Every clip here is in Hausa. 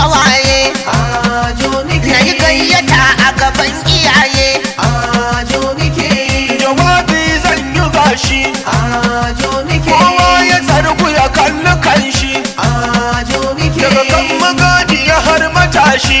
kawaye na yi gayyata a gaban iyaye jawabi zan yi gashi kowa ya sarku ya kalli kanshi daga kan magadi ya har matashi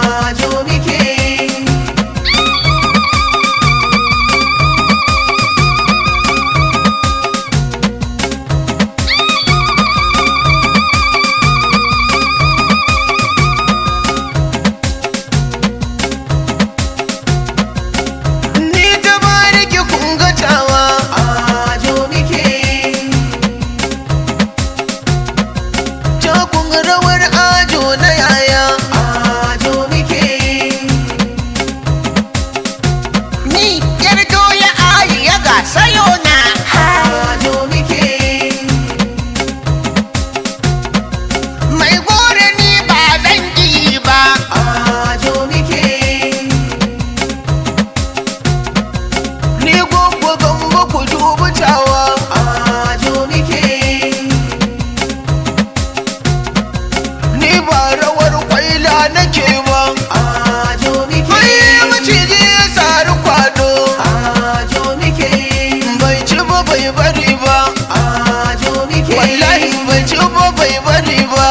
abdullahi bai ci ba bai bari ba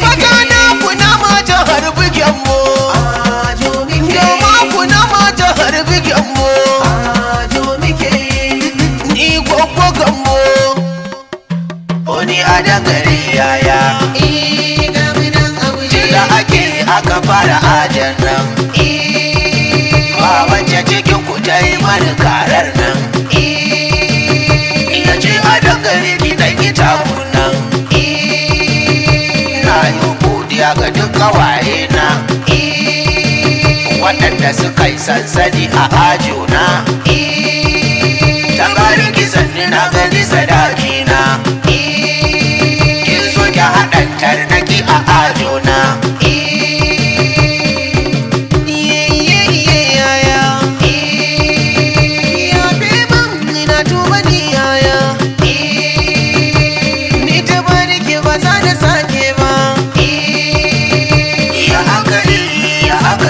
fata na kuna mata harbi gyambo ni a jira ake aka fara ajan nan ba wancan cikin ku ta yi karar nan ya ga duk waye na waɗanda suka yi sansani a ajo na tagari kisan na gani sadaki na kin so ki haɗantar na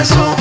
so.